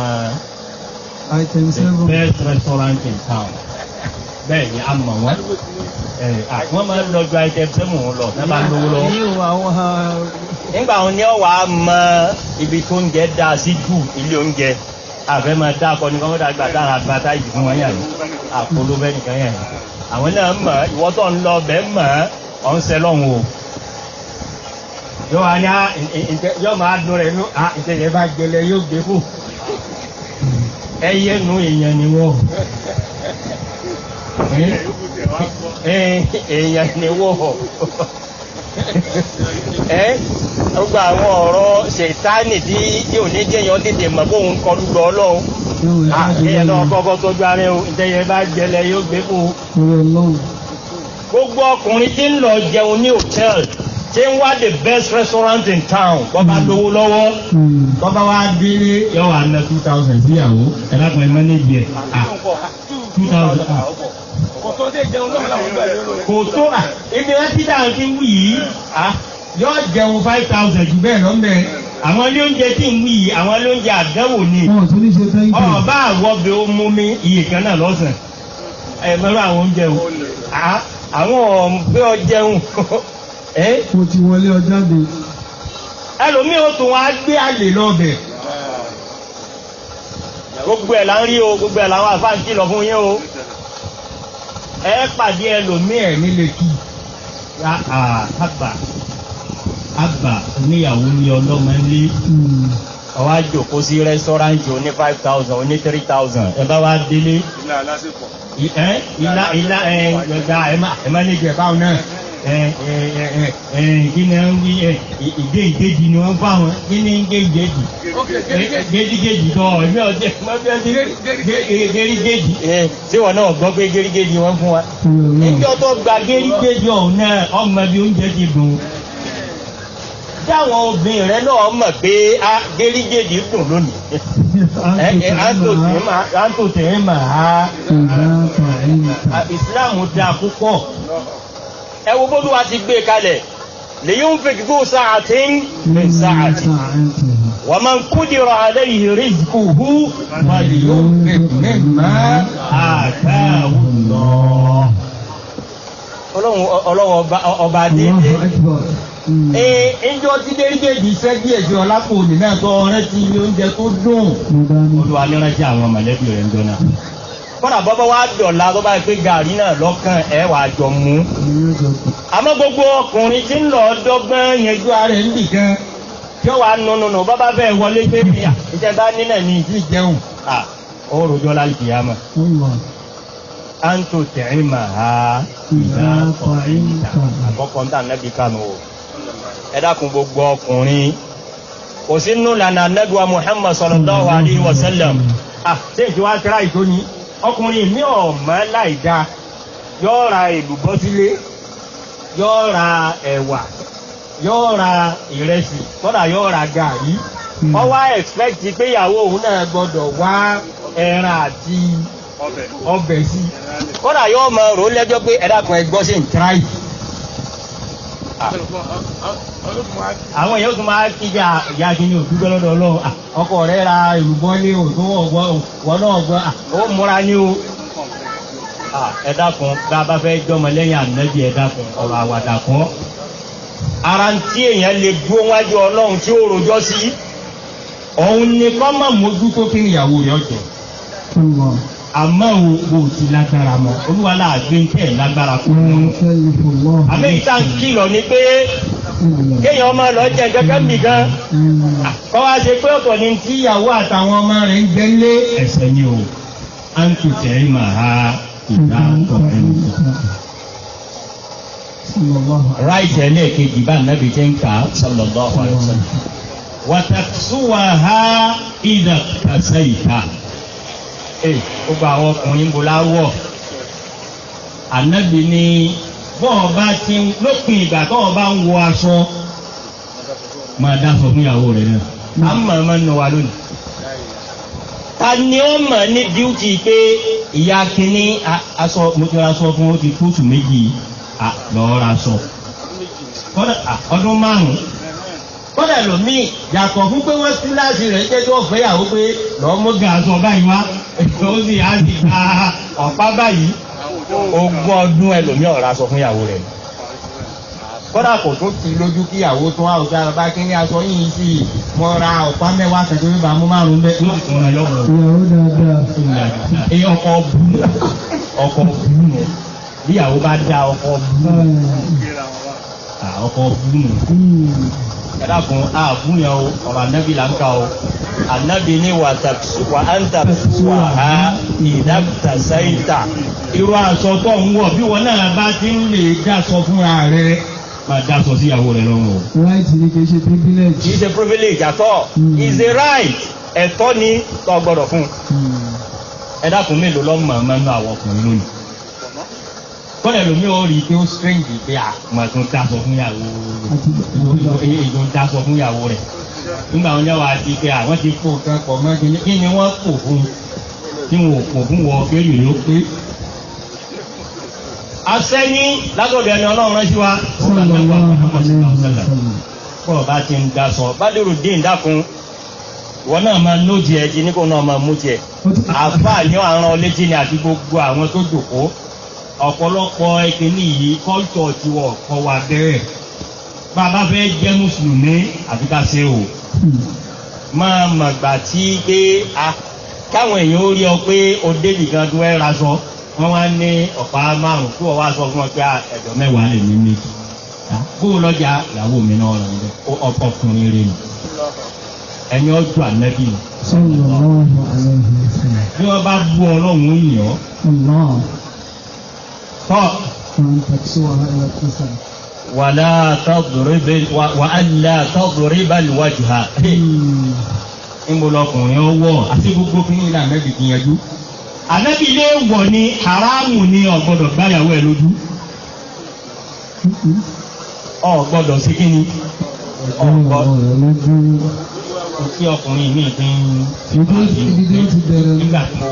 the best restaurant in town bẹ́ẹ̀ ni a mọ̀ wọ́n wọ́n máa ń lọ ju item seven lọ náà bá lówó lọ. nígbà wọn ni ọ̀wà mọ ibi tó ń jẹ́ dáa sí jù ilé oúnjẹ àfẹ́ máa dá akọ ní kọ́mọ́dà gbà dára àgbàtà yìí wọn yàn àpolówó ẹnìkan yàn àwọn náà mọ̀ ìwọ́tọ̀ ń lọ bẹ́ẹ̀ mọ̀ ọ̀ ń sẹ́lọ̀ wọn o yóò wá ní ah, yóò máa dùn rẹ̀ nú ah, ìtẹ̀yẹ bá gbẹlẹ̀ yóò gbé fún ẹyẹ nù èèyàn ni wọ́n èèyàn ni wọ́n gbogbo àwọn ọ̀rọ̀ ṣètánì tí yóò ní jẹ́yàn tètè mọ̀ bóun kọlu gbọ́ ọlọ́run ah, àyẹ̀ náà kọ́kọ́ tó ju ara ẹ̀hún ìtẹ̀yẹ bá gbẹlẹ̀ yóò gbé fún gbogbo ọkùnrin tí ń lọ jẹun ní hòtẹ́ẹ̀lì tí ń wá the best restaurant in town bọ́ba hmm. lówó lọ́wọ́ bọ́ba hmm. wa délé yọ wà ná two thousand síyàwó ẹ̀ lápò ẹ̀ mọ́nẹ́jì ẹ̀ ah, two thousand ah. kò tó dé jẹun lọ́wọ́ làwọn ìgbà yẹn lò. kò tó à ebi rẹ ti dáhùn kí n wù yìí ah, yọ jẹun five thousand jù bẹ́ẹ̀ lọ́mọdé àwọn lóúnjẹ tí ń wí yìí àwọn lóúnjẹ àdánwò ni ọba àwọbẹ omo mi iye kan náà lọ́sàn ẹ̀ mẹ́rọ àwọn oúnjẹ o àwọn ọ̀bẹ mo ti wọlé ọjọ́ de. ẹlòmíì o tún wá gbé àlè lọ́bẹ̀. gbogbo ẹ̀ la ń rí o gbogbo ẹ̀ làwọn àfáà ń kìlọ̀ fún yín o. ẹ pàdé ẹlòmíì ẹ̀ nílé kí àgbà àgbà oníyàwó ní ọlọ́mọ ilé ọwọ́ àjòkó sí rẹ́sọ́ráǹtì oní five thousand oní three thousand ẹ bá wá délé. ilá alásèpọ̀. ilá ilá ẹ ẹ ẹ má ní jẹ báwọn náà. Eh, eh, eh, kí ni wọ́n wí ìdé ìdéjì ni wọ́n fà wọ́n kí ni gé ìdéjì gérigéjì tó ọ̀yọ́ ọ̀jẹ̀ gérigéjì tí wọ́n náà gbọ́ pé gérigéjì wọ́n fún wa. Mm. ẹjọ́ tó gba gérigéjì ọ̀hún náà ọmọ bí oúnjẹ ti dùn táwọn obìnrin rẹ náà mọ̀ pé a gẹ́rígẹ́dì dùn lónìí. àǹtò tẹ̀ ẹ́ mà á. ìsìláàmù dáa púpọ̀ ẹ wo bó lúwa ti gbé e kalẹ̀ lèyìn fi kíkú sáàtì mi sáàtì wà máa ń kú di rọ alẹ́ yìí rí kú hu wà yóò fi mi má àtàwù lọ. ọlọ́run ọba déédéé ee ẹjọ́ tí dérígèjì ọlápò òní náà tọ́ ọ̀rẹ́ ti oúnjẹ tó dùn. olùwàlẹ́rẹ́ jẹ́ àwọn mọ̀lẹ́bí rẹ̀ ń dọ́nà. kọ́dà bọ́bọ́ wá dọ̀la tó bá pé gàrí náà lọ́kàn ẹ̀ jọ mú. àmọ́ gbogbo ọkùnrin tí ń lọ dọ́gbọ́n yẹjú ara ẹ̀ nì gan wà nùnùnù bọ́bá bẹ́ẹ̀ wọlé pé bá ní ní ìdí ìjẹun ó rojọ́ láì mọ́. ń tò o ẹ dákun gbogbo ọkùnrin wa ọkùnrin mi ọ̀mọ́ láìda yóò ra èlùbọ́ yóò ra ẹ̀wà yóò ra ìrẹsì kódà yóò ra gàrí hmm. ó wá pé ìyàwó òun náà gbọ́dọ̀ wá ẹran àti ọbẹ̀ sí kódà yóò pé ẹ̀dá kan ṣe ń àwọn èèyàn tún máa kíjà ìyá kí ni òdúgbò lọ́dọ̀ ọlọ́run ọkọ rẹ ra ìrùbọn ní òtún ọgbọ wọn náà gbọ ó múra ní o ẹ dákun bá a bá fẹ́ jọmọ lẹ́yìn ànábì ẹ dákun ọ̀rọ̀ àwàdà kan ara ń tí èèyàn lè dúró wájú ọlọ́run tí ó rojọ́ sí òun ni kọ́ máa mójútó kí ìyàwó rẹ̀ ọ̀jọ̀ àmọ́ o ò ti lágbára mọ́ olúwa láàgbé tẹ̀ lágbára kú. àmì ìta kìlọ̀ ni pé kéèyàn ọmọ lọ jẹ gẹ́gẹ́ mi gan kọ́ wá ṣe pé ọ̀tọ̀ ni tí ìyàwó àtàwọn ọmọ rẹ̀ ń gbẹ́ lé ẹ̀sẹ̀ ni o à ń tò tẹ̀ ẹ́ màá ìdá ọ̀tọ̀ ẹni ráìtì bá nàbì jẹ́ ń kà á sallallahu alaihi wasallam wàtàkùsùwà ha ìdàkàsẹ́ ìta gbogbo àwọn ọkùnrin ń bo láwọ̀ ànábì ni bọ́ọ̀ bá ti lópin ìgbà tọ́ọ̀ bá ń wọ aṣọ máa dáṣọ fún ìyàwó rẹ̀ náà a ń mọ̀ ẹ́ máa ń nà wá lónìí. ta ni ó mọ̀ ní díútì pé ìyá kínní aṣọ mo ti ra aṣọ fún ó ti tóṣù méjì lọ́ọ́ ra aṣọ ọdún márùn-ún kọ́dà lómi yàtọ̀ fún pé wọ́n sí láti rẹ̀ jẹ́jọ́ fẹ́yàwó pé lọ́ọ́ mọ́gà aṣọ báyìí wá lóòsì á sì ha ọ̀pá báyìí ogún ọdún ẹlòmíì ọ̀rá sọ fún ìyàwó rẹ̀ kódà kò tó ti lójú kí ìyàwó tó wá òkè àbá kí ní aṣọ yìí sí i mo ra ọ̀pá mẹ́wàá kẹ̀kẹ́ bíbá mú márùn-ún bẹ́ẹ̀. yóò tún ra yọ̀bọ̀. ìyàwó dáadáa. ẹ ọkọ bùnú ọkọ bùnú bí ìyàwó bá dá ọkọ bùnú ọkọ bùnú. Hmm. ẹ dàkún àbúyàn o ọ̀rọ̀ ànábìlà ń ka o anabi ni wà á ń tàbùsùwà ha ìdàkùtàsáìtà. irú tó ń wọ̀ bí wọn náà bá ti ń lè dáṣọ fúnra rẹ̀ máa dáṣọ sí ìyàwó rẹ̀ lọ́rùn. right ni kì í ṣe privilege. kì í ṣe privilege àtọ hmm. is a right ẹ̀tọ́ ni tó gbọ́dọ̀ fún. Hmm. ẹ dákun mélòó lọ́mọ mẹ́nu àwọn ọkùnrin lónìí. kọ́lẹ̀ lómi ó rí i pé ó strange pé à mà tún dá sọ fún ìyàwó ìjọ dá sọ fún ìyàwó rẹ̀ nígbà wọn yàwó àti pé àwọn ti kó ni wọ́n kò fún kò fún ló pé. wa kọ́ bá ti ń sọ bá náà máa ló jẹ nígbà náà máa mú àfáà ni àti gbogbo àwọn tó ọ̀pọ̀lọpọ̀ ẹ̀kíní yìí kọ́ńtọ̀ ti wọ̀ kọ́ wa bẹ́ẹ̀ bàbá fẹ́ jẹ́ mùsùlùmí àfi o máa màgbà tí pé a káwọn èèyàn ó rí ọ pé o débì kan tó ẹ ra sọ wọn wá ní ọ̀pá márùn kí wọ́n wá sọ fún ọ pé ẹ̀dọ̀ mẹ́wàá lè ní mi kó o lọ́jà ìyàwó mi náà rẹ̀ ọkùnrin rẹ̀ nù ẹni ọjọ́ ànẹ́bí ni. bí wọ́n bá bú ọlọ́run yìí ọ́. ولا تضرب وألا تضرب الوجه níbo lọkùnrin wọ̀ àti gbogbo kí ilé ànábì gbìyànjú. ànábì ilé wọ̀ ni haramu ni ò gbáyàwó ẹ̀ lójú. ò sí kí ni. ọgbọ́dọ̀ kí ọkùnrin mi pín in. ìdí ti bẹ̀rẹ̀.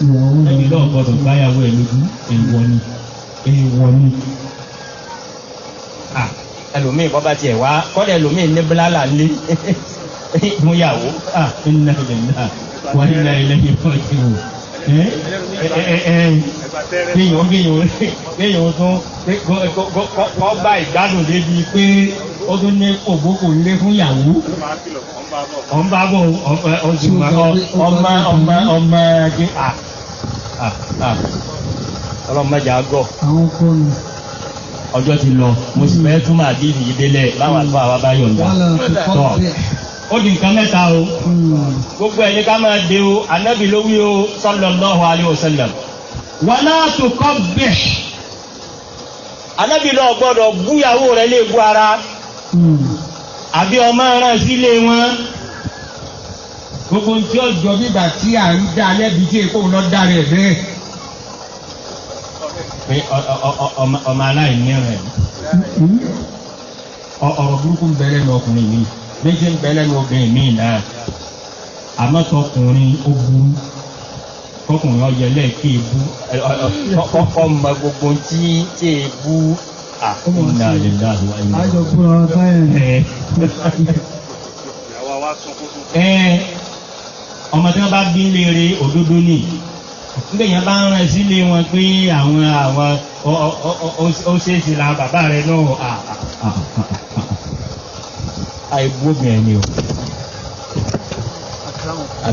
ẹni náà gbọ́dọ̀ báyàwó ẹ lójú èèwọ̀ ni èèwọ̀ ni. ẹlòmíì bọ́ bá tiẹ̀ wá kọ́lẹ̀ ẹlòmíì ní bílálà lé múyàwó. iná ìlànà wà iná ìlẹ́yìn fọ́ọ̀tì o, kéèyàn kéèyàn kéèyàn tún kọ́ bá ìgbádùn débi pé ó tún ní ògbókò ilé fún ìyàwó ọ̀nbábọ̀ ọ̀nbá ọ̀nbá ọ̀nbá ọ̀nbá Ah, ah. ọlọ́mọdé àgọ́. àwọn ọjọ́ ti lọ mo sì fẹ́ tún máa dín ìdí délẹ̀ báwọn àgbà wa bá yọ̀ǹda. ó di nǹkan mẹ́ta o hmm. gbogbo ẹ̀yẹ ká máa de o anábì ló wí o sallallahu alaihi wasallam. wàlá tó kọ́ bẹ̀. anábì náà gbọ́dọ̀ búyàwó rẹ̀ ara hmm. àbí ọmọ sílé gbogbo ntí ọjọ́ bíbà tí à ń dá lẹ́bi tí èkó ń lọ dá rẹ̀ bẹ́ẹ̀. pé ọmọ aláìní rẹ̀ ọ̀rọ̀ burúkú ń bẹ̀rẹ̀ ní ọkùnrin mi méjì ń bẹ̀rẹ̀ ní obìnrin mi náà àmọ́ tọkùnrin ó burú kọkùnrin ọyọ lẹ́ẹ̀kì ebú ọkọ̀ mọ gbogbo tí tí ebú àkùnà lè dáhùn ẹ̀yìn. àjọpọ̀ ọ̀rọ̀ táyà ẹ̀ ọmọ tí wọ́n bá bí léèrè òdodo ni nígbà yẹn bá ń rán sílé wọn pé àwọn àwọn ó ṣèṣì la bàbá rẹ náà àìgbógun ẹni o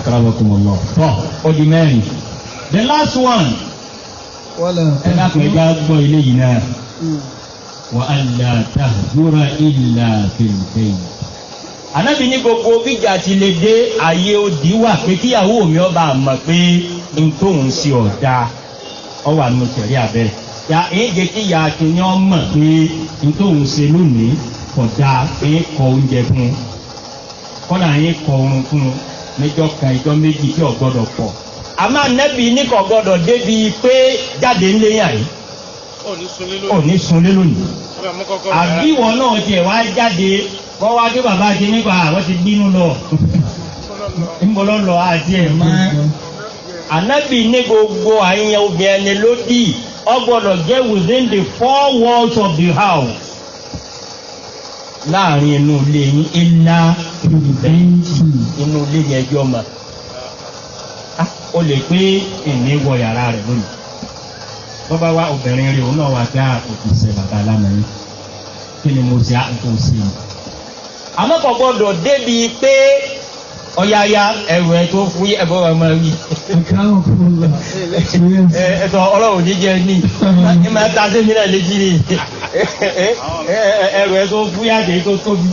akramakumullah tọ́ ó di mẹ́rin the last one ẹ̀dá kan ẹ̀dá gbọ́ ilé yìí náà wa alla tahjura illa fil bayt ànábì ní gbogbo bíjà ti lè dé ààyè òdì wà pé kíyàwó mi ọba mọ̀ pé n tóun ṣe ọ̀dà ọwà nù tẹ̀lé abẹ́ ya èyí jẹ́ kí ìyá akínyìn ọmọ pé n tóun ṣe lónìí kọ̀dà pé kọ oúnjẹ fún un kọ́nà yín kọ oorun fún un níjọ́ kan ìjọ́ méjì tí ò gbọ́dọ̀ pọ̀ àmọ́ ànábì ní kò gbọ́dọ̀ débi pé jáde ńlẹ́yìn àyè òní sunlé lónìí. àbí ìwọ náà tiẹ̀ wá jáde kọ́ wá bàbá ti nípa àwọn ti bínú lọ nbọlọ àti ẹ̀ anabi ní gbogbo àyẹn obìnrin ló dì ọ within the four walls of the house láàrin inú ilé yín ìbẹ́ǹtì inú ilé yẹn jọ ah, ó lè pé wọ yàrá tó bá wá obìnrin rí òun náà wá sí àkókò ah, ṣe bàbá alámẹ́rin kí ni mo ṣe àkókò ṣe o. àmọ́ kò gbọ́dọ̀ débi pé ọ̀yàyà ẹ̀rù ẹ̀ tó fún ẹ̀bọ̀ ọmọ rí. ẹ̀sọ̀ ọlọ́run jíjẹ ní ní máa ta sí mi náà léjì ni ẹ̀rù ẹ̀ tó fún yàtẹ̀ tó tóbi.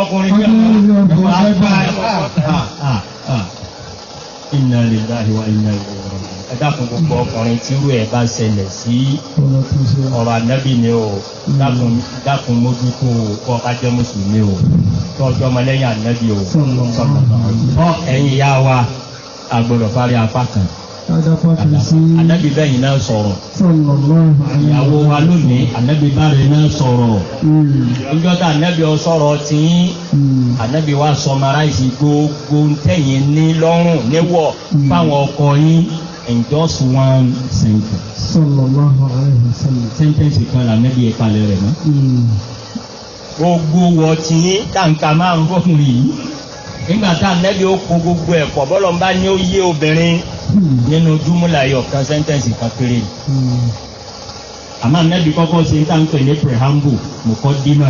ọkùnrin bí ọmọ àgbà. inna lillahi wa inna ilaihi raji'un ẹ dákun gbogbo ọkùnrin tí irú ẹ̀ bá ṣẹlẹ̀ sí ọ̀rọ̀ ànábì ni o dákun mójútó kọ́ ká jẹ́ mùsùlùmí o tọ́jú ọmọlẹ́yìn ànábì o tọ́ ẹ̀yin yá wa àgbọ̀dọ̀ parí apá kan ànábì bẹ́yìn náà sọ̀rọ̀ ìyàwó wa lónìí ànábì báyìí náà sọ̀rọ̀ ìjọba ànábì ọ sọ̀rọ̀ tí ànábì wa sọmaráìsì gbogbo ntẹ̀yìn ní lọ́rùn níwọ̀ fáwọn ọkọ yín in just one sentence. sallallahu alayhi wa sallam. sentence kan la nẹ́bí ẹ̀ka lẹ̀ rẹ̀ náà. gbogbo wọ̀tí tàǹkà máa ń rọrùn yìí nígbà tá a nẹ́bí ó kó gbogbo ẹ̀ pọ̀ bọ́lọ̀ ń bá ní ó yé obìnrin nínú júmùlà kan sentence kan péré. àmọ́ nẹ́bí kọ́kọ́ ṣe ń tàǹkà ní preamble mọ̀kọ́ dínà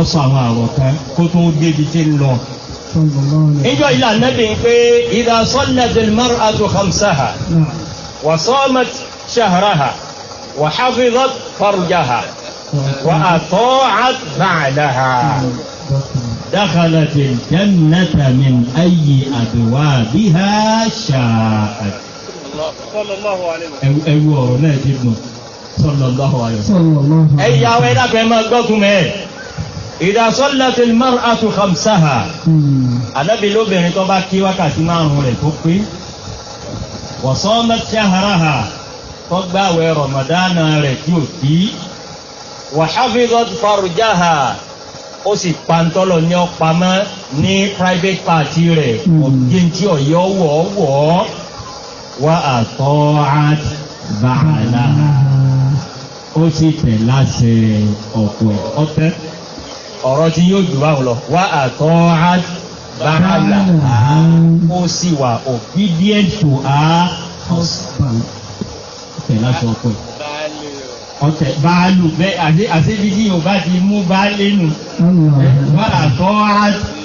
ọ̀sọ̀ àwọn àwọ̀ kan kó tó débi tí ń lọ níjọ́ ilé ànábì ń pé idha sallat al-mar'atu khamsaha wa samat shahraha wa hafizat farjaha wa ata'at ba'laha dakhalat al-jannata min ayyi abwabiha sha'at ẹwú ọ̀rọ̀ náà ti dùn sallallahu alaihi wasallam ẹ̀yà wẹ́dàgbẹ́ máa gbọ́kùn ìdásọ́lẹ̀tì mọ́ràtù hamsaha alábi lóbìnrin tó bá kí wákàtí márùn rẹ̀ tó pé wọ̀sánmẹ́ ṣaharaha tó gbàwẹ̀ rọ̀mọ̀dánà rẹ̀ tí ò kí wàhálfíìgọ́t farujáha ó sì pàǹtọ́lọ̀ ní ọpamọ́ ní private party rẹ̀ ọ̀gẹ́ntì ọ̀yọ́ wọ̀ọ́wọ́ wà àtọ́ àti bàálà ó sì tẹ̀ láṣẹ ọ̀pọ̀ ọ̀tẹ́ ọ̀rọ̀ tí yóò jù báwọn lọ wá àtọ́ báàlà ó sì wà obedient to her husband. ọ̀tẹ̀ láti ọkọ ẹ̀. ọ̀tẹ̀ báàlù bẹ́ẹ̀ àti àti bíbí yorùbá ti mú báàlù nù. wá àtọ́ báàlà.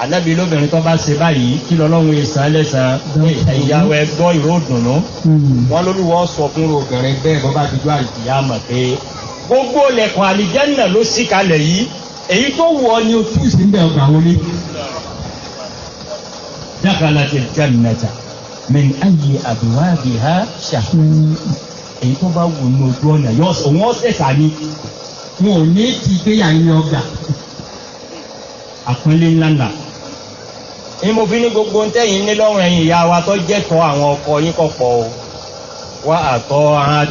ànábi lóbìnrin tó bá ṣe báyìí kí lọ́lọ́run ìsàn lẹ́sàn ìyàwó ẹgbọ́ ìró dùnú hmm. wọn lóluwọ́ sọ fún obìnrin bẹ́ẹ̀ bọ́ bá ti jó àlìyá mọ̀ pé gbogbo lẹ̀kùn àlìjẹ́nà ló sì kalẹ̀ yìí èyí tó wọ ni o tú sí bẹ́ẹ̀ ọgbà wọlé. dákàlà ti jannata min ayi abwabiha ṣà èyí tó bá wù ní ojú ọ̀nà yọ sọ wọ́n ṣẹ̀ṣà ni wọn ò ní ti gbéyàwó ọgbà àpọ́nlé ńláńlá ni mo fi ní gbogbo ń tẹ̀yìn ní lọ́rùn ẹ̀yìn ìyá wa tó jẹ́ àwọn ọkọ yín kọ̀ o wá àtọ́ ahad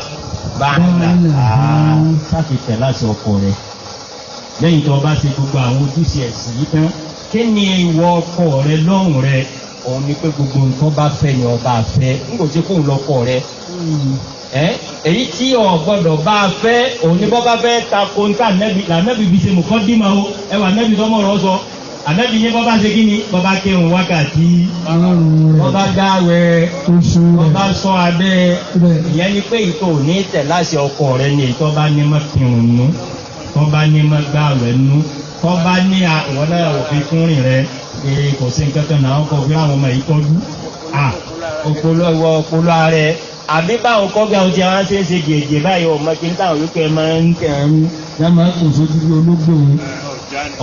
bá ń là á sàfihàn láti ọkọ rẹ̀ lẹ́yìn tó bá ti gbogbo àwọn ojúṣe ẹ̀sìn yìí tán kí ni ìwọ ọkọ rẹ lọ́rùn rẹ òun ni pé gbogbo nǹkan bá fẹ́ ni ọba fẹ́ n kò sí kóun lọ́kọ rẹ hmm. èyí tí o gbọ́dọ̀ bá a fẹ́ òun ni bọ́ bá fẹ́ ta kóńtà nẹ́bi lànẹ́bi bí ṣe mú kọ́ dì o ẹwà nẹ́bi tọ́mọ̀ rọ sọ ànábì yẹn bọ́bá ṣe kí ni bọ́bá kírun wákàtí bọ́bá dáwẹ̀ bọ́bá sọ abẹ́ ìyẹn ni pé ìtò ní tẹ̀láṣẹ ọkọ rẹ ni ìtọ́ bá ní mọ́ kírun nú tọ́ bá ní mọ́ gbàwẹ̀ nú tọ́ bá ní àwọn náà òfin kúnrin rẹ ee kò sí nǹkan kan náà kọ̀ fí àwọn ọmọ yìí tọ́jú òpolówó ààrẹ àbí báwọn kọ́gbà ọtí àwọn ṣe é ṣe gègé báyìí ọmọ kí n táwọn yókè máa ń kẹrin. yá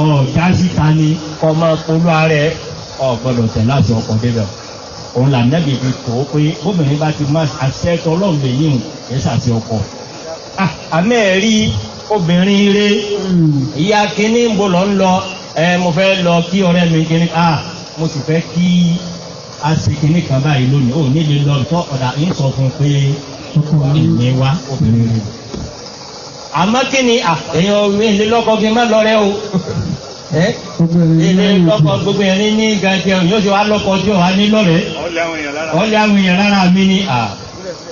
ọ̀gá síta ni kọ́ máa polú ààrẹ ọ̀gbọ́dọ̀ tẹ̀ láti ọkọ̀ débẹ̀ òun là nẹ́bi fi tó pé gómìnà bá ti máa àṣẹ́tọ̀ ọlọ́run lè yín ẹ̀ṣà ti ọkọ̀ ah, àmẹ́ rí obìnrin rẹ hmm. ìyá kínní ń bọ̀ lọ ń lọ ẹ mo fẹ́ lọ kí ọ̀rẹ́ mi kínní ah mo sì fẹ́ kí a ṣe kínní kan báyìí lónìí ò nílé lọ tọ́ ọ̀dà ń sọ fún un pé ẹ̀mí wá obìnrin rẹ àmọ́ kí ni èèyàn ilé lọ́kọ̀ kí n má lọ rẹ o ilé lọ́kọ̀ gbogbo yẹn ní ní gàdí ẹ̀ yóò ṣe wá lọ́kọ̀ tí ò wá ní lọ́rẹ̀ ọ̀lẹ́ àwọn èèyàn lára mi ni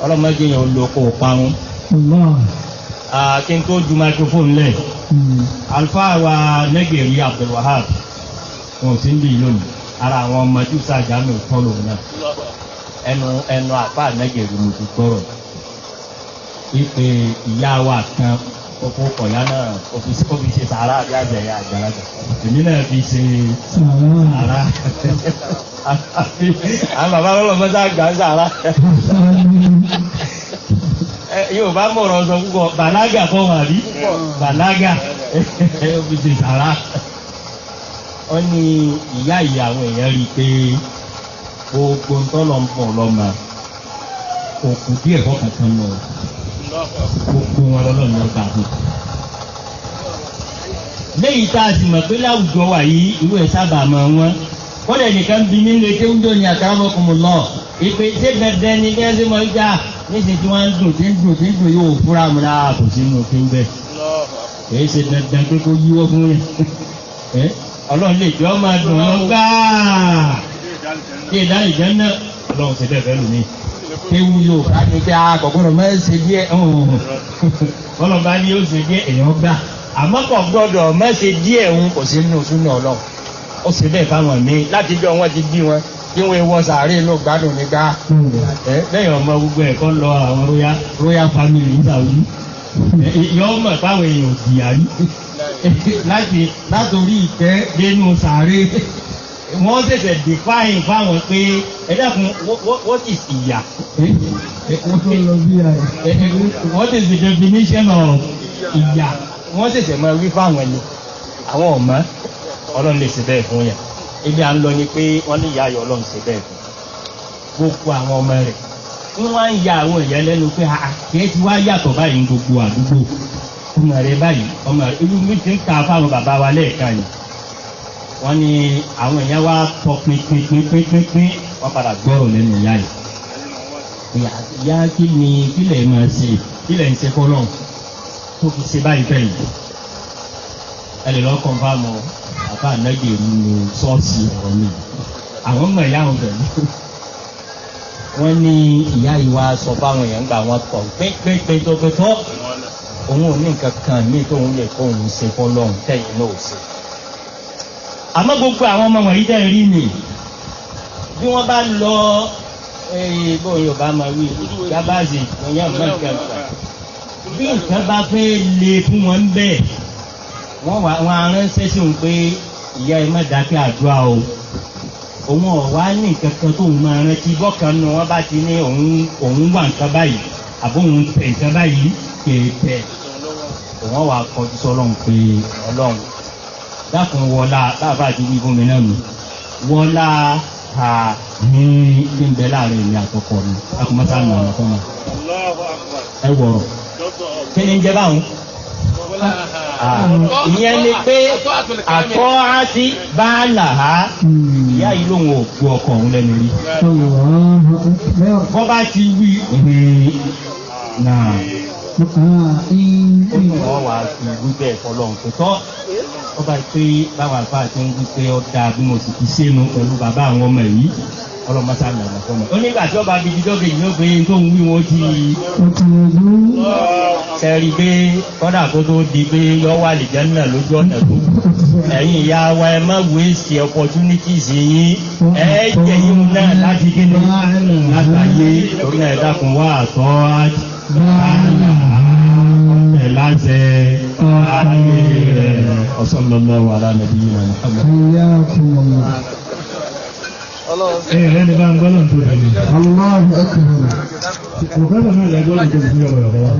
ọlọ́mọdé yẹn ò lò kó parun kí n tó ju microphone lẹ̀ alfa wa nẹ́gẹ̀rì Abdulwahab wọn ò sí ń bì lónìí ara àwọn ọmọ jùsà jamiu tọ́lù náà ẹnu ẹnu àfa nẹ́gẹ̀rì mo ti gbọ́rọ̀ yìí wípé ìyá wa kan oko kọ̀yá náà òfìsí kò fi ṣe sàárà àbí àjẹyà àgbàlagbà èmi náà fi ṣe sàárà àwọn bàbá ọlọ́mọ sá gbà ń sàárà. Yorùbá mọ̀rọ̀ sọ púpọ̀ bàlágà fọ́ wà rí bàlágà òfin ṣe sàárà. Wọ́n ní ìyá ìyá àwọn èèyàn rí i pé gbogbo ń tọ́lọ̀ ń lọ́mọ òkú díẹ̀ fọ́ kankan lọ gbogbo wọn lọ́lọ́run ló kà fún. léyìí tá a sì mọ̀ pé láwùjọ wà yìí irú ẹ̀ sábà mọ̀ wọn kọ́lẹ̀ nìkan bí nínú ètò ń dòní àkàràmọ́kùnmọ́ ìpè ṣé bẹ̀bẹ̀ ni bí ẹ ṣe mọ̀ ìjà ah, níṣẹ́ tí wọ́n ń dùn tí ń dùn tí ń dùn yóò fúra mu náà kò sínú òfin bẹ́ẹ̀ kìí ṣe dandan pé kó yíwọ́ fún yẹn ọlọ́run lè jọ́ máa dùn ọ́n gbáà kí ìdá ìjẹ́ náà ọlọ́run kéwu yóò bá ní kí àkọ́kọ́rọ́ ah, máa ń ṣe díẹ̀ ọlọ́ba ni yóò ṣe díẹ̀ èèyàn gbà àmọ́ kò gbọ́dọ̀ máa ṣe díẹ̀ ń kò sí nínú súnà ọlọ́ ó ṣe mi láti bí wọn ti bí wọn bí wọn wọ sàárè ló gbádùn mi gbá lẹ́yìn ọmọ gbogbo ẹ̀kọ́ lọ àwọn royal royal family ìsàwí yọ ọmọ ìpáwọn èèyàn òdìyà rí láti látòrí ìtẹ́ dénú sàárè wọ́n ṣẹ̀ṣẹ̀ define fáwọn pé ẹ dákun what is ìyà. wọ́n tó lọ bí i. what is the definition of ìyà wọ́n ṣẹ̀ṣẹ̀ máa wí fáwọn ni àwọn ọ̀mọ́ ọlọ́run lè ṣe bẹ́ẹ̀ fún yẹn ibi à ń lọ ni pé wọ́n ní ìyá ayọ̀ ọlọ́run ṣe bẹ́ẹ̀ fún gbogbo àwọn ọmọ rẹ̀ ń wá ń ya àwọn èèyàn lẹ́nu pé àkẹ́ ah, ah, ti wá yàtọ̀ báyìí gbogbo àdúgbò ọmọ rẹ̀ báyìí ọmọ rẹ̀ irú mi ti ń ta fáwọn bàbá wa lẹ́ẹ̀kan yìí wọ́n ní àwọn èèyàn wá tọ pinpinpinpinpin wọ́n padà gbọ́rọ̀ lẹ́nu ìyá yìí. ìyá kí ni kílẹ̀ máa ṣe kílẹ̀ ń ṣe fọ́nà tó fi ṣe báyìí bẹ́ẹ̀ yìí. ẹ lè lọ́ kàn fáwọn bàbá ànágbè nínú ṣọ́ọ̀ṣì ọ̀rọ̀ mi. àwọn mọ̀ ìyá àwọn bẹ̀rù. wọ́n ní ìyá yìí wá sọ fáwọn èèyàn gbà wọ́n tọ̀ pínpínpín tó fi tọ́ òun ò ní nǹkan kan ní tóun lè kóun ṣe fọ́lọ́run tẹ̀yìn náà ṣe àmọ́ gbogbo àwọn ọmọ wọ̀nyí tẹ̀ rí mi bí wọ́n bá lọ eh, bóun yóò bá máa wí gábàzì ìyá ọmọ nǹkan bí nǹkan bá fẹ́ le fún wọn bẹ́ẹ̀ wọ́n wá wọn aránṣẹ́ sí òun pé ìyá ẹ má dákẹ́ àdúrà o òun ọ̀wá ní nǹkan kan tóun máa rántí bọ́kan nu wọn bá ti ní òun òun wà nǹkan báyìí àbóun tẹ̀ nǹkan báyìí kéèpẹ̀ òun wà kọjú sọ́lọ́run pé ọlọ́run dákun wọlá bàbá àti wí fún mi náà nù wọlá ha ní ní bẹ láàrin mi àtọkọ mi akọmọta nà ọmọ fọmọ ẹ wọrọ kí ni ń jẹ báwọn ìyẹn ni pé àkọ́ á sí báàlà á ìyá yìí lòun ò gbọ́ ọkọ òun lẹ́nu rí. wọ́n bá ti wí náà. ó wà á fi wí bẹ́ẹ̀ fọlọ́run pé tọ́ ọba pé báwa àfa àti ń pé ọ dáa bí mo sì fi sínú pẹ̀lú bàbá àwọn ọmọ yìí ọlọmọta lànà fọmọ. ó nígbà tí ọba bíi jíjọ́ kejì pé tó ń wí wọn ti. sẹ́rí pé kọ́dà kó tó di pé yọ wà lè jẹ́ náà lójú ọ̀nà tó. ẹ̀yin ìyá wa ẹ má wo èsì opportunities yín ẹ jẹ́ yín náà láti kéde látàyè torí náà ẹ dákun wá àtọ́ àti láṣẹ ayé rẹ̀ ọ̀sọ́lọ́lọ́ wà lánàbí yìí wọn.